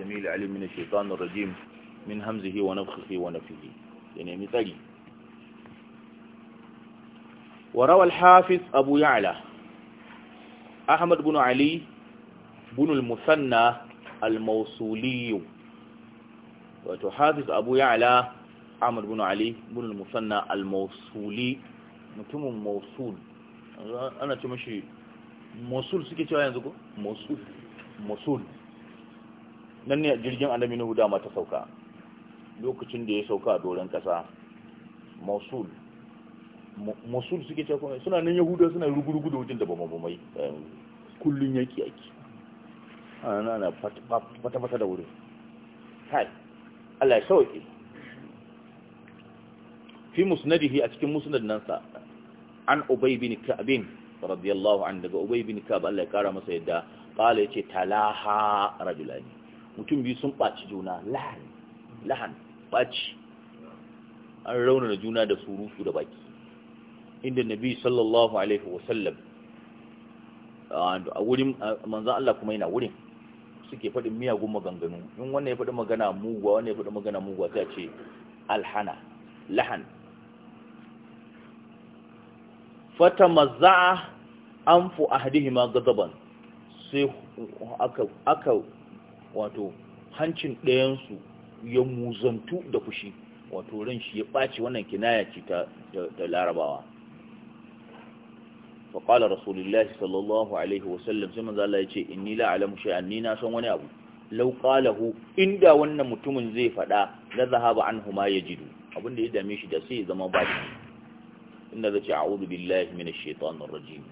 السميع العليم من الشيطان الرجيم من همزه ونفخه ونفخه يعني مثالي وروى الحافظ أبو يعلى أحمد بن علي بن المثنى الموصولي وتحافظ أبو يعلى أحمد بن علي بن المثنى الموصولي متم موصول أنا تمشي موصول سكي تواين ذكو موصول موصول nan ne jirgin annabi nuhu dama ta sauka lokacin da ya sauka a doron kasa mosul mosul suke ce kuma suna nan yahuda suna rugurugu da wajen da ba mabamai eh, kullun yaki yaki ana nana fata-fata da wuri kai allah ya sauke fi musnadihi a cikin musnad nan sa an ubay bin ka'bin radiyallahu an daga ubay bin ka'b allah ya kara masa yadda qala yace talaha rajulani mutum biyu sun ɓaci juna lahan lahan ɓaci an raunana juna da surutu da baki inda nabi sallallahu alaihi wasallam a wurin manzan Allah kuma yana wurin suke faɗin miyagun maganganu in wannan ya faɗi magana muguwa wannan ya faɗi magana muguwa ta ce alhana lahan fata maza an fu ga gazaban sai aka wato hancin ɗayansu ya muzantu da fushi wato ran shi ya ɓaci wannan kinaya ce ta larabawa faƙalar rasulullahi sallallahu alaihi wasallam sai maza Allah ya ce inni la alamu shay'an ni na san wani abu lauƙalahu inda wannan mutumin zai faɗa na zahaba huma ma jidu abinda ya dame shi da sai zama ba shi inda zace a'udu billahi minash shaitanir rajim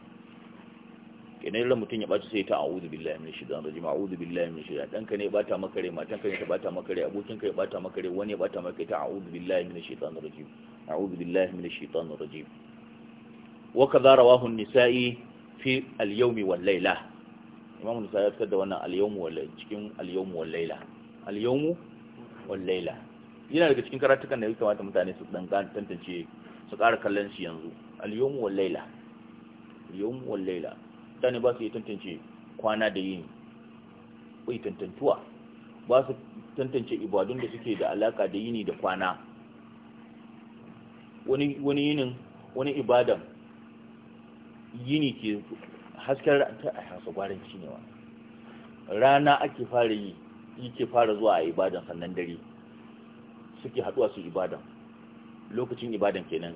kenan ran mutum ya baci sai ta a'udhu billahi minash shaitanir rajim a'udhu billahi minash shaitan dan ka ne bata maka rai matan ka ne ta bata maka rai abokin ka ya bata maka rai wani ya bata maka ta a'udhu billahi minash shaitanir rajim a'udhu billahi minash shaitanir rajim wa kadha rawahu an-nisa'i fi al-yawm wal-layla imam an-nisa'i ya fitar da wannan al-yawm wal cikin al-yawm wal-layla al-yawm wal-layla yana daga cikin karatukan da ya kamata mutane su dan tantance su kara kallon shi yanzu al-yawm wal-layla al-yawm wal-layla mutane ba su yi tantance kwana da yini bai tantantuwa ba su tantance ibadun da suke da alaka da yini da kwana wani wani yinin wani ibadan yini ke hasken ta a hasa gwarin cinewa rana ake fara yi yake fara zuwa a ibadan sannan dare suke haduwa su ibadan lokacin ibadan kenan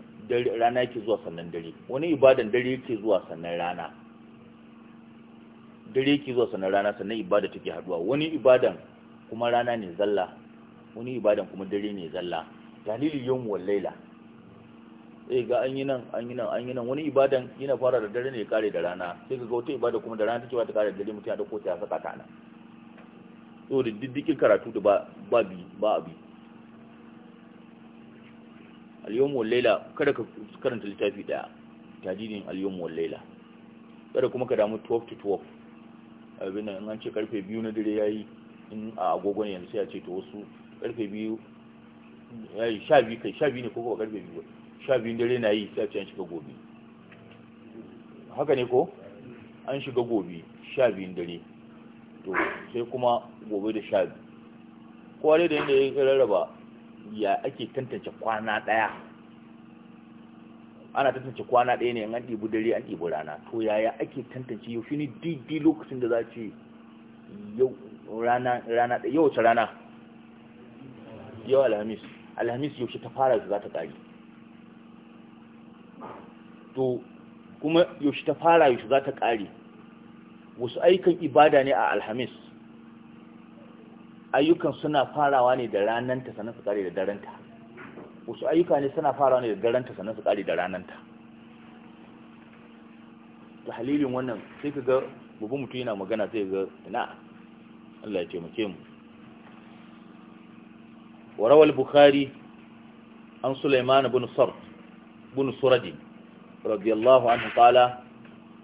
rana yake zuwa sannan dare wani ibadan dare yake zuwa sannan rana dare yake zuwa sannan rana sannan ibada take haduwa wani ibadan kuma rana ne zalla wani ibadan kuma dare ne zalla dalilin yawm wal laila eh ga an yi nan an yi nan an yi nan wani ibadan yana fara da dare ne ya kare da rana sai ka ga wata ibada kuma da rana take ba ta kare da dare mutum ya dauko ta saka ta nan to da diddikin karatu da ba ba bi ba abi al-yawm wal laila kada ka karanta littafi daya tajidin al-yawm wal laila kada kuma ka damu 12 to 12 abin in an ce karfe biyu na dare yayi in a agogo ne yanzu sai a ce to wasu karfe biyu yayi sha biyu kai sha biyu ne ko kuma karfe biyu sha biyu dare na yi sai a ce an shiga gobe haka ne ko an shiga gobe sha biyun dare to sai kuma gobe da sha biyu kowa da yadda ya rarraba ya ake tantance kwana ɗaya ana tantance kwana ɗaya ne an ɗibu dare an ɗibu rana to yaya ake tantance yau shi ne didi lokacin da za ce yau rana rana yau rana yau alhamis alhamis yau shi ta fara za ta ƙari to kuma yau shi ta fara yau za ta ƙari wasu ayyukan ibada ne a alhamis ayyukan suna farawa ne da rananta sannan su ƙari da daranta wasu ayyuka ne suna fara ne da daranta sannan su kare da rananta ta halilin wannan sai ka ga babu mutum yana magana sai ga na Allah ya taimake mu wa rawal bukhari an sulaiman ibn sard ibn suradi radiyallahu anhu qala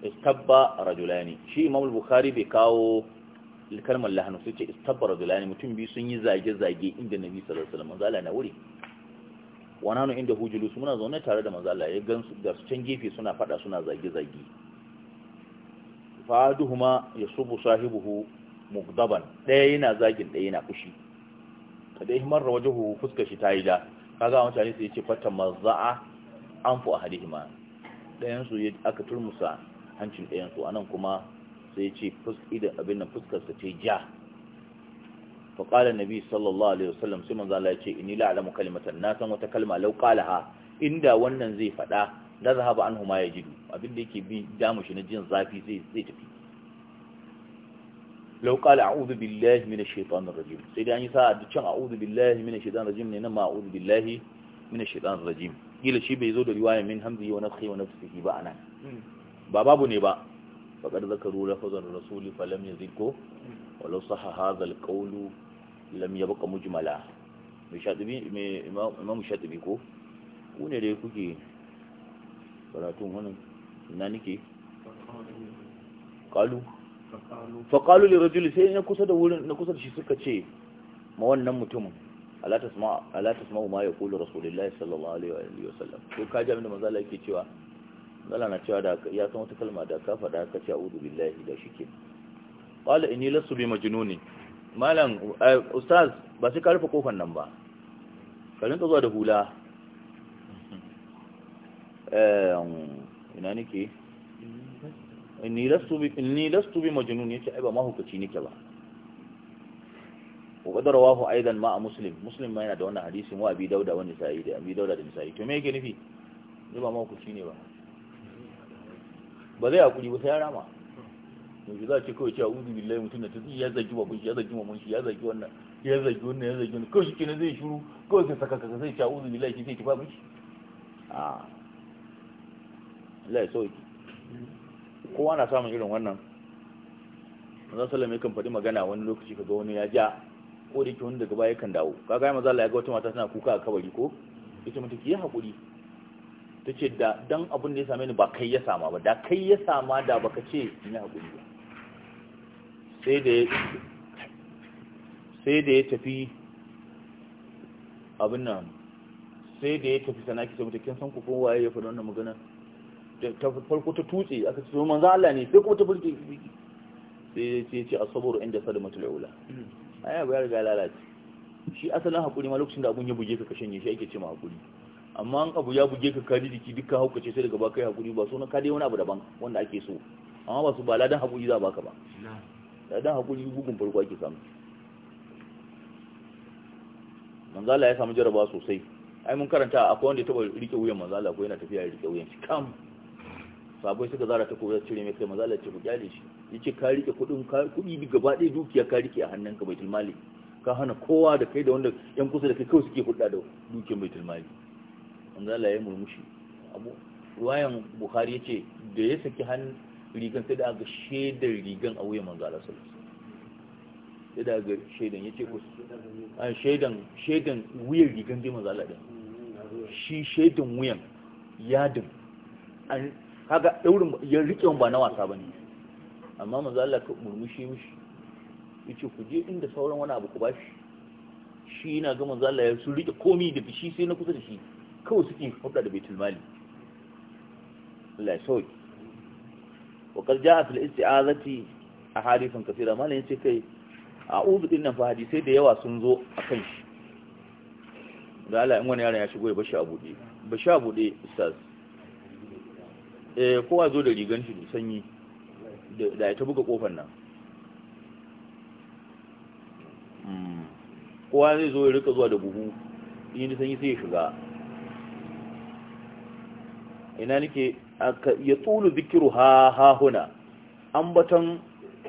istabba rajulani shi imam bukhari bai kawo kalmar lahanu sai ce istabba rajulani mutum biyu sun yi zage zage inda nabi sallallahu alaihi wasallam zalla na wuri wananu inda hujulus muna zaune tare da manzo ya gan su da su can gefe suna fada suna zage zage faduhuma yasubu sahibuhu mugdaban ɗaya yana zagin ɗaya yana fushi kada ihmar huhu fuskar shi tayi da kaga mutane su yace fata mazza'a anfu ahadihima dayan su aka turmusa hancin dayan su anan kuma sai yace fuskar idan abin nan fuskar sa ta ja fa qala annabi sallallahu alaihi wasallam sai manzo Allah ya ce inni la alamu kalimatan na san wata kalma law qalaha inda wannan zai fada da zahaba anhu ma yajidu abinda yake bi damu shi na jin zafi zai zai tafi law qala a'udhu billahi minash shaitanir rajim sai dai an yi sa'a da can a'udhu billahi minash shaitanir rajim ne nan ma a'udhu billahi minash shaitanir rajim kila shi bai zo da riwaya min hamzi wa nafsi wa nafsihi ba anan ba babu ne ba faqad zakaru lafazan rasuli falam yazidko ولو صح هذا القول لم يبقى مجملا مشاتبي امام مشاتبي كو وني ko كوكي dai kuke karatun wannan ina nake qalu fa qalu li sai na kusa da wannan mutum ala tasma ala tasma ma yaqulu rasulullahi sallallahu alaihi wa sallam ko ka ji abin da yake cewa Allah cewa da ya san wata kalma da ka faɗa ka ce a'udhu billahi da shike qala ini lasu bi majnunin malam eh, ustaz ba sai ka rufe nan ba ka rinka zuwa da hula ina nike ini lasu bi inni lastu bi majnun yace ai ba mahukaci nake ba wa qad rawahu aidan ma muslim muslim ma yana da wannan hadisi mu abi dauda wani sai da abi dauda da misali to me yake nufi ni ba mahukaci ne ba ba zai hakuri ba sai ya rama yanzu za a ce kawai cewa uzu billahi mutum da zai ya zagi wa ya zagi wa shi ya zagi wannan ya zagi wannan ya zagi wannan kawai shi kenan zai shiru kawai sai saka kasa sai cewa uzu billahi sai ki babu shi a lai ya sauki kowa na samun irin wannan manzon sallam yakan faɗi magana wani lokaci kaga wani ya ja ko da yake wani daga baya kan dawo kaga ya mazala ya ga wata mata tana kuka a kabari ko ita mata ki yi hakuri ta ce da dan abin da ya same ni ba kai ya sama ba da kai ya sama da baka ce in yi hakuri ba sai da ya tafi abin nan sai da ya tafi sana ki saboda kin san ku waye ya faɗi wannan magana ta farko ta tutse aka ce manzo Allah ne sai kuma ta burge sai ya ce as-sabru inda a ula aya ba riga lalace shi asalin hakuri ma lokacin da abun ya buge ka ka ne shi ake cewa hakuri amma an abu ya buge ka kaji jiki dukkan haukace sai daga baka yi hakuri ba so na ka dai wani abu daban wanda ake so amma ba su ba ladan hakuri za baka ba da hakuri bugun farko ake samu manzala ya samu jaraba sosai ai mun karanta akwai wanda ya taba rike wuyan manzala ko yana tafiya ya rike wuyan shi kam sabai suka zara ta koyar cire mai kai manzala ce ku gyale shi yace ka rike kudin ka kudi bi gaba ɗaya dukiya ka rike a hannunka baitul mali ka hana kowa da kai da wanda yan kusa da kai kawai suke hudda da dukiyar baitul mali manzala ya murmushi abu ruwayan bukhari yace da ya saki hannun rigan sai da ga shaidar rigan a wuyan manzo Allah sallallahu alaihi wasallam sai da ga shaidan yace ko ah, an shaidan shaidan wuyan rigan dai manzo Allah din shi shaidan wuyan yadin an kaga daurin ya rike ba na wasa bane amma manzo Allah ka murmushi mishi yace ku je inda sauran wani abu ku bashi shi yana ga manzo Allah ya su rike komai da shi sai na kusa da shi kawai suke hudda da baitul mali Allah ya sauke وقد جاء في الاستعاذة أحاديث كثيرة ما لين شيء أعوذ إن في حديثي da yawa sun zo akan shi da Allah wani yaron ya shigo ya bashi a bude bashi a bude ustaz eh kowa zo da rigan shi sanyi da ya ta buga kofar nan kowa zai zo ya rika zuwa da buhu yin sanyi sai ya shiga ina nake ya tsulu zikiru ha ha huna ambaton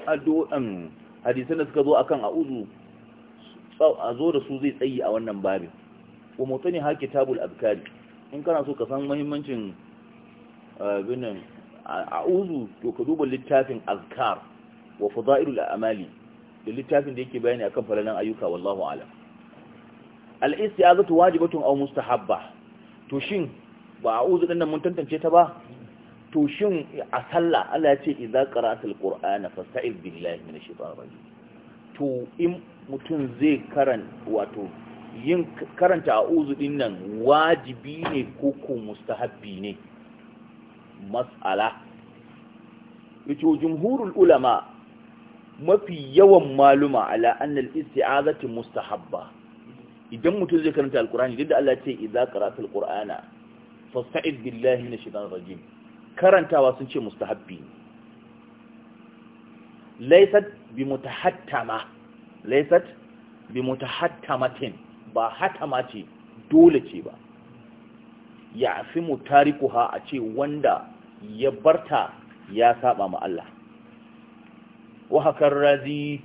addu'an hadisun da suka zo akan kan a zo da su zai tsayi a wannan babin wa mutane haƙi tabul abkari in kana so ka san mahimmancin binin a uzu to ka duba littafin azkar wa fadailul a'mali da littafin da yake bayani a akan falalan ayyuka wallahu a'lam ya istiyazatu wajibatun a mustahabba to shin ba a uzu ɗin nan mun tantance ta ba to shin a sallah Allah ya ce idza qara'atul qur'ana fasta'id billahi minash shaitanir rajim to in mutum zai karan wato yin karanta a'udhu din nan wajibi ne ko ko mustahabbi ne mas'ala yace jumhurul ulama mafi yawan maluma ala annal isti'azatu mustahabba idan mutum zai karanta alqur'ani duk da Allah ya ce idza qara'atul qur'ana fasta'id billahi minash shaitanir rajim karantawa sun ce mustahabbi laisat bi mutahattama laisat bi mutahattamatin ba hatama ce dole ce ba ya fi mutarikuha a ce wanda ya barta ya saba ma Allah wa hakar razi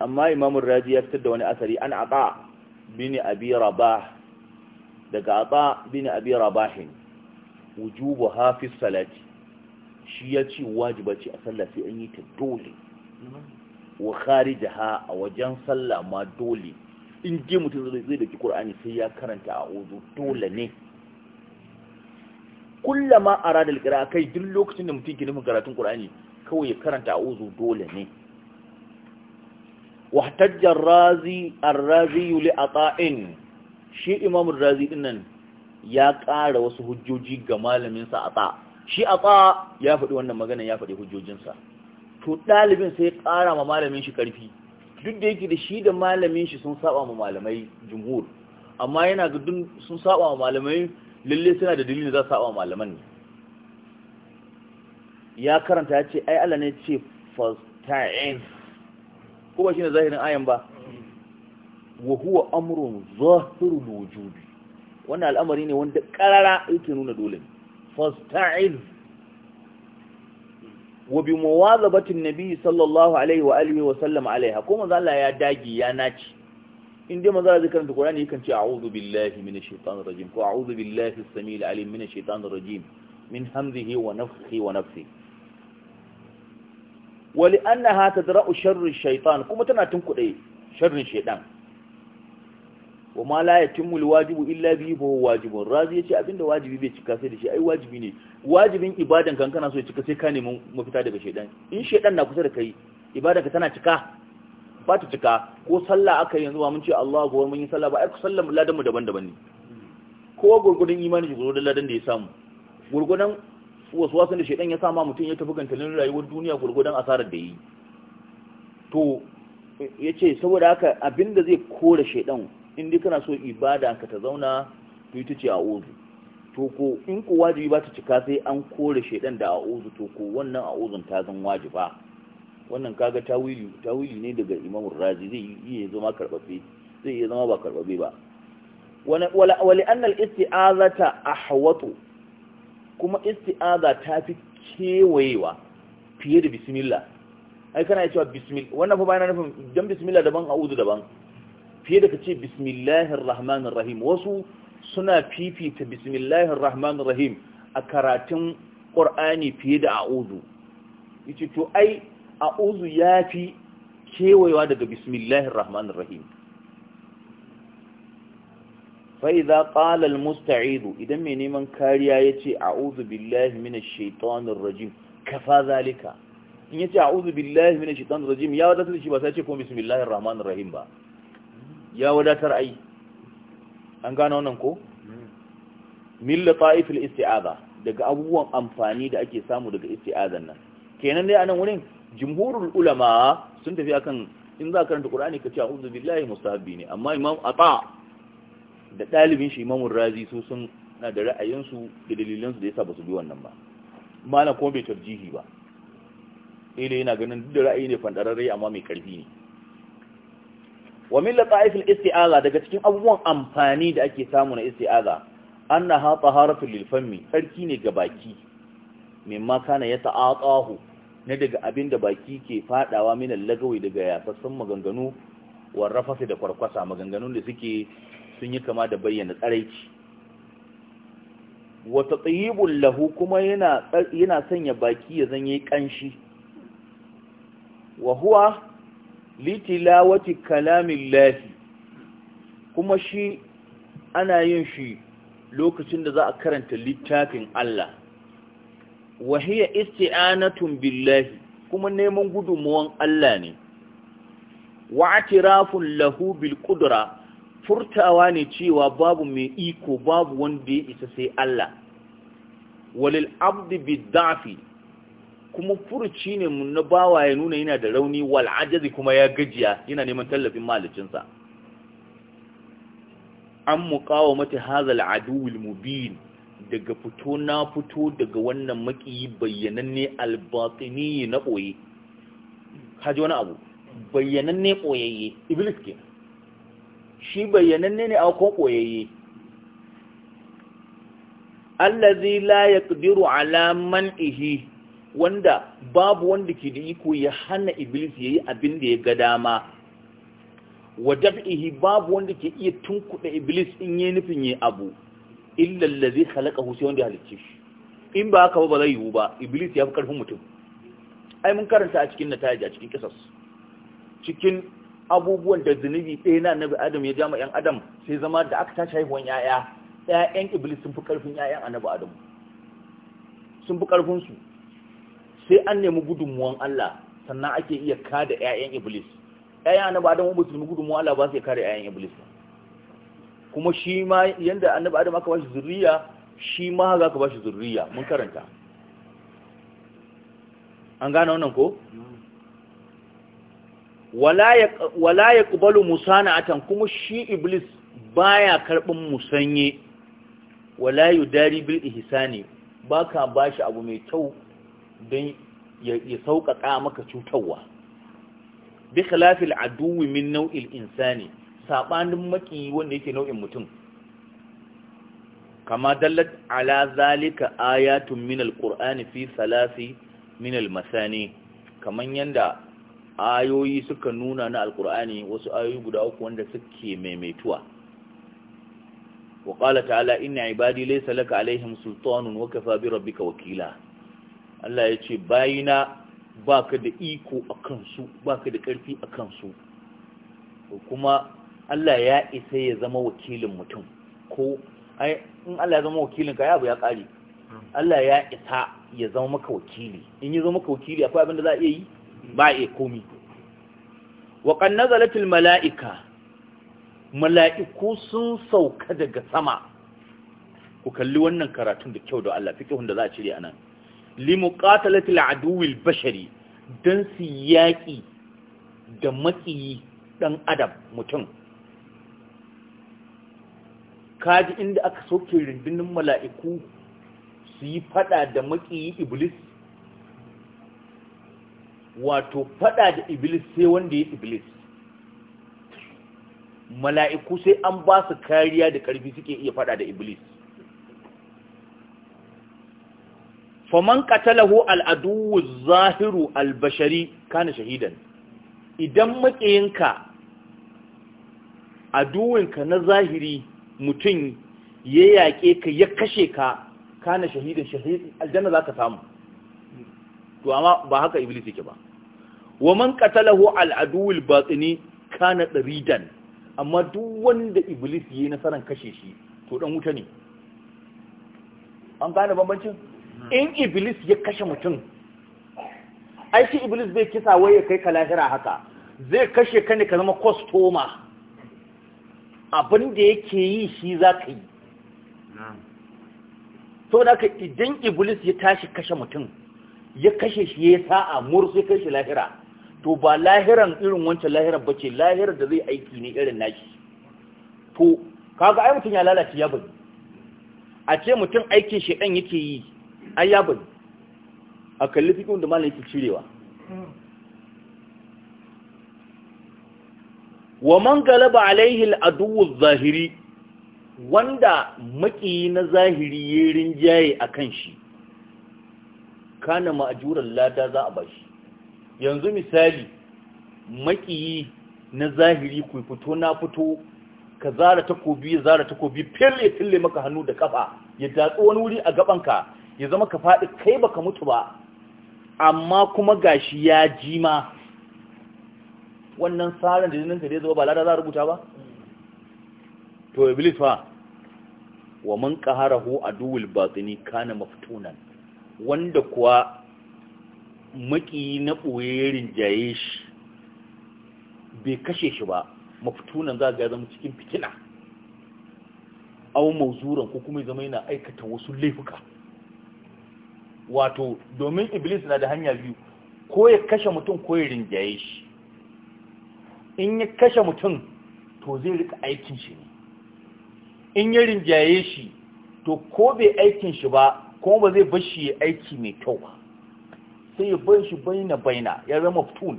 amma imamun razi ya fitar da wani asari an aqa bin abi rabah daga aqa bin abi rabahin wujubu hafiz salati shi ya ce wajiba ce a sallah sai an yi ta dole wa kharijaha a wajen sallah ma dole in je mutum zai daki qur'ani sai ya karanta a wuzu dole ne kullama arada alqira'a kai duk lokacin da mutum ke nufin karatun qur'ani kawai ya karanta a wuzu dole ne wahtajjar razi arrazi li ata'in shi imamur razi dinnan ya ƙara wasu hujjoji ga malaminsa a tsa shi a tsa ya faɗi wannan magana ya faɗi hujjojinsa to ɗalibin sai ya ƙara ma malamin shi ƙarfi duk da yake da shi da malamin shi sun saba ma malamai jumhur amma yana ga sun saba ma malamai lalle suna da dalilin za su saba ma malaman ne ya karanta ya ce ai Allah ne ce fasta'in ko ba shine zahirin ayan ba mm. wa huwa amrun zahirul wujubi wannan al'amari ne wanda ƙarara yake nuna dole ne fasta'iz wa bi muwazabatin nabi sallallahu alaihi wa alihi wa sallam alaiha ko manzo Allah ya dagi ya naci in dai manzo Allah zikran Qur'ani yakan ce a'udhu billahi minash shaitanir rajim ko a'udhu billahi as-samiil alim minash shaitanir rajim min hamzihi wa nafthihi wa nafsihi wa li'annaha tadra'u sharri ash-shaytan kuma tana tunkuɗe sharrin shaitan wa ma la yatimmu alwajibu illa bihi fa huwa wajibun razi yace abinda wajibi bai cika sai da shi ai wajibi ne wajibin ibadan kan kana so ya cika sai ka nemi mafita daga shedan in shedan na kusa da kai ibadan ka tana cika ba ta cika ko sallah aka yi yanzu ba mun ce Allahu akbar mun yi sallah ba ai ku sallar mu ladan mu daban-daban ne kowa gurgurdan imani ji gurgurdan ladan da ya samu gurgurdan waswasan da shedan ya sa ma mutum ya tafi gantalin rayuwar duniya gurgurdan asarar da yi to yace saboda haka abinda zai kore shedan in dai kana so ibada ka ta zauna to ita ce a'udhu to ko in ko wajibi ba ta cika sai an kore shaidan da a'udhu to ko wannan a'udhun ta zan wajiba wannan kaga tawili tawili ne daga Imam Razi zai iya zama karbabbe zai iya zama ba karbabbe ba wala wala anna al-isti'azata ahwatu kuma isti'aza ta fi kewayewa fiye da bismillah ai kana cewa bismillah wannan fa bayan nufin dan bismillah daban a'udhu daban fiye da ka ce bismillahir rahmanir rahim wasu suna fifita bismillahir rahmanir rahim a karatun ƙur'ani fiye da a'udu yace to ai a'udu yafi kewayewa daga bismillahir rahmanir rahim fa idza qala al musta'id idan mai neman kariya yace a'udu billahi minash shaitanir rajim kafa zalika in yace a'udu billahi minash shaitanir rajim ya wadatar shi ba sai ce ko bismillahir rahmanir rahim ba ya wadatar ai an gano wannan ko milla ta'ifil isti'aza daga abubuwan amfani da ake samu daga isti'azan nan kenan dai anan wurin jumhurul ulama sun tafi akan in za ka karanta qur'ani ka ce a'udhu billahi mustahabbi ne amma imam ata da dalibin shi imam razi su sun na da ra'ayin da dalilan su da yasa ba su bi wannan ba malam ko bai tarjihi ba ile yana ganin duk da ra'ayi ne fandararre amma mai karfi ne wa min lata'ifil isti'aza daga cikin abubuwan amfani da ake samu na isti'aza annaha taharatu lil fami sarki ne ga baki mimma kana yata'atahu ne daga abinda baki ke fadawa min lagawi daga yasassun maganganu warrafasi da kwarkwasa maganganun da suke sun yi kama da bayyana tsaraici wata tsayibun lahu kuma yana sanya baki ya zanye kanshi wa huwa litilawati kalamin lahi kuma shi ana yin shi lokacin da za a karanta littafin Allah wahiya isti'anatun billahi kuma neman gudunmuwan Allah ne wa atirafun lahu bil qudra furtawa ne cewa babu mai iko babu wanda ya isa sai Allah walil abdi bid da'fi kuma furuci ne na bawa ya nuna yana da rauni wal ajazi kuma ya gajiya yana neman tallafin malicinsa an muqawamati hadha al adu mubin daga fito na fito daga wannan makiyi bayyananne al batini na boye kaji wani abu bayyananne koyayye iblis ke shi bayyananne ne a ko boyayye allazi la yaqdiru ala man'ihi wanda babu wanda ke da iko ya hana iblis yayi abin da ya ga dama wa daf'ihi babu wanda ke iya tunkuɗa iblis in yayi nufin yayi abu illa allazi khalaqahu sai wanda halicce shi in ba haka ba ba zai yiwu ba iblis ya fi karfin mutum ai mun karanta a cikin nataji a cikin kisas cikin abubuwan da zunubi ɗaya na annabi adam ya jama yan adam sai zama da aka tashi haihuwan yaya 'ya'yan iblis sun fi karfin ƴaƴan annabi adam sun fi karfin su sai an nemi gudunmuwan Allah sannan ake iya kada ƴaƴan iblis ƴaƴan annabi adam ba su nemi gudunmuwan Allah ba su iya kada ƴaƴan iblis kuma shi ma yanda annabi adam aka bashi zurriya shi ma za ka bashi zurriya mun karanta an gane wannan ko wala ya ƙubalu musana'atan kuma shi iblis baya karɓin musanye wala yu dari bil ihsani baka bashi abu mai kyau don ya sauƙaƙa maka cutarwa bi khilafil aduwi min nau'il insani sabanin maki wanda yake nau'in mutum kama dallat ala zalika ayatun min alqur'ani fi salasi min almasani kaman yanda ayoyi suka nuna na alqur'ani wasu ayoyi guda uku wanda suke maimaituwa wa qala ta'ala inna ibadi laysa laka alaihim sultanun wa kafa bi rabbika wakila Allah ya ce bayina ba ka da iko a kansu ba ka da ƙarfi a kansu kuma Allah ya isa ya zama wakilin mutum ko in Allah ya zama wakilin ka ya abu ya ƙari Allah ya isa ya zama maka wakili in ya zama maka wakili akwai abin da za a iya yi ba a iya komi wa qan mala'ika mala'iku sun sauka daga sama ku kalli wannan karatun da kyau da Allah fi kyau da za a cire a nan. limuqatalatil aduwil bashari don su yaƙi da maƙiyi ɗan adam mutum kaji inda aka soke rindunin mala'iku su yi fada da maƙiyi iblis wato fada da iblis sai wanda ya iblis mala'iku sai an ba su kariya da ƙarfi suke iya fada da iblis faman qatalahu al'adu zahiru albashari kana shahidan idan makiyinka aduwinka na zahiri mutum ya yake ka ya kashe ka kana shahidan shahidan aljanna za ka samu to amma ba haka iblis yake ba wa man al'adu al'aduwil batini kana daridan amma duk wanda iblis yayi nasaran kashe shi to dan wuta ne an gane bambancin in iblis ya kashe mutum aiki iblis bai kisa wai ya kai ka lahira haka zai kashe ka ne ka zama kwastoma abin da yake yi shi za ka yi so da ka idan iblis ya tashi kashe mutum ya kashe shi ya sa'a mur sai kashe lahira to ba lahiran irin wancan lahiran ba ce lahiran da zai aiki ne irin nashi to kaga ai mutum ya lalace ya bari a ce mutum aikin shedan yake yi ai ya a kalli fikun da malin yake cirewa wa man galaba alaihi al'adu zahiri wanda maki na zahiri ya rinjaye a kan shi kana ma'ajurar lada za a bashi yanzu misali maki na zahiri ku fito na fito ka zara takobi ya zara takobi fille fille maka hannu da kafa ya datsu wani wuri a gabanka ya zama ka faɗi kai baka mutu ba amma kuma gashi ya ji ma wannan tsarin da jininka da ya ba lada za a rubuta ba to iblis fa wa man qaharahu aduwul batini kana maftunan wanda kuwa maki na boyerin jaye shi bai kashe shi ba maftunan za ga zama cikin fitina aw mauzuran ko kuma zama yana aikata wasu laifuka wato domin iblis na da hanya biyu ko ya kashe mutum ko ya rinjaye shi in ya kashe mutum to zai rika aikin shi ne in ya rinjaye shi to ko bai aikin shi ba kuma ba zai bar shi aiki mai kyau ba sai ya bar shi baina baina ya zama fitun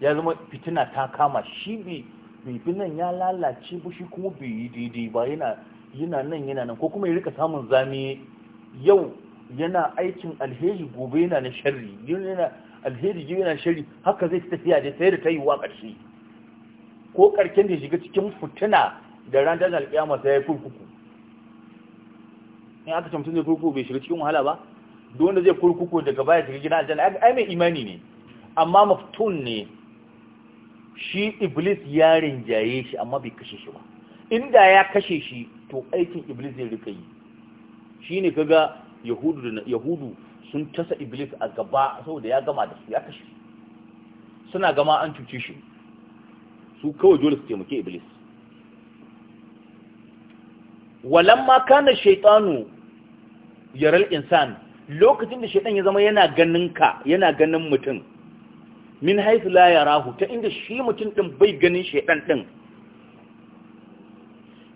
ya zama fitina ta kama shi bi bibin nan ya lalace ba shi kuma bai yi daidai ba yana nan yana nan ko kuma ya rika samun zami yau yana aikin alheri gobe yana na sharri yana alheri gobe yana sharri haka zai tafiya da sai da ta yi wa ƙarshe ko ƙarshen da shiga cikin fitina da ran dajal alƙiyama sai ya kurkuku in aka tamtu zai kurkuku bai shiga cikin wahala ba don da zai kurkuku daga baya shiga gina aljanna ai mai imani ne amma maftun ne shi iblis ya rinjaye shi amma bai kashe shi ba inda ya kashe shi to aikin iblis zai rika yi shine kaga yahudu sun tasa iblis a gaba saboda ya gama da su ya kashe suna gama an cuce shi su kawai dole su taimake iblis walamma kana shaitanu yaral insan lokacin da shaitan ya zama yana ganin ka yana ganin mutum min haifu la yarahu ta inda shi mutum din bai ganin shaitan din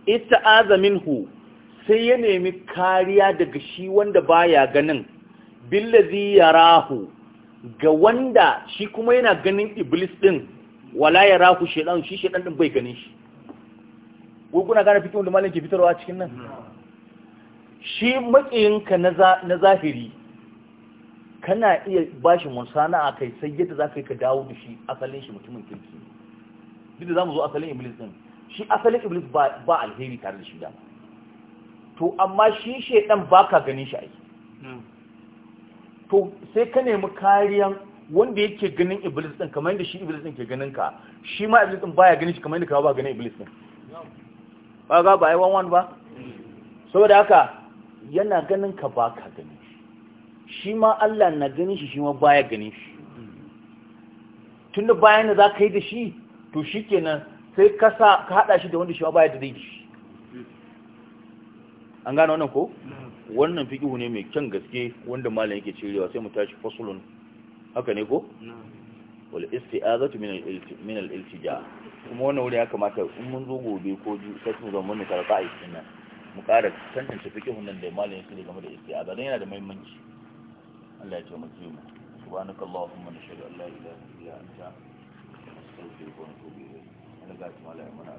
ista'aza minhu sai ya nemi kariya daga shi wanda baya ganin billazi yarahu ga wanda shi kuma yana ganin iblis din wala yarahu shedan shi shedan din bai ganin shi ko kuna gane fikin da malamin ke fitarwa a cikin nan shi matsayinka na zahiri kana iya bashi musana a kai sai yadda za ka yi ka dawo da shi asalin shi mutumin kirki duk da za mu zo asalin iblis din shi asalin iblis ba alheri tare da shi dama to amma shi shaidan baka ganin shi aiki hmm. to sai ka nemi kariyan wanda yake ganin iblis din kamar yadda shi iblis din ke ganin ka shi ma iblis din baya ganin shi kamar yadda ka ba ganin iblis din ba ga ba ai wan ba saboda haka yana ganin ka baka ganin shi shi ma Allah na ganin shi shi ma baya ganin shi tunda bayan da za ka yi da shi to shikenan sai ka sa ka hada shi da wanda shi ma baya da dai shi an gane wannan ko wannan fiqihu ne mai kyan gaske wanda malam yake cirewa sai mu tashi fasulun haka ne ko wal isti'azatu min al min al iltija kuma wannan wuri ya kamata in mun zo gobe ko ji sai mu zama mun karɓa a cikin nan mu ƙara tantance fiqihun nan da malam yake game da isti'aza dan yana da muhimmanci Allah ya taimake mu subhanakallahumma nashhadu an la ilaha illa anta astaghfiruka wa atubu ilayk Allah ya taimake mu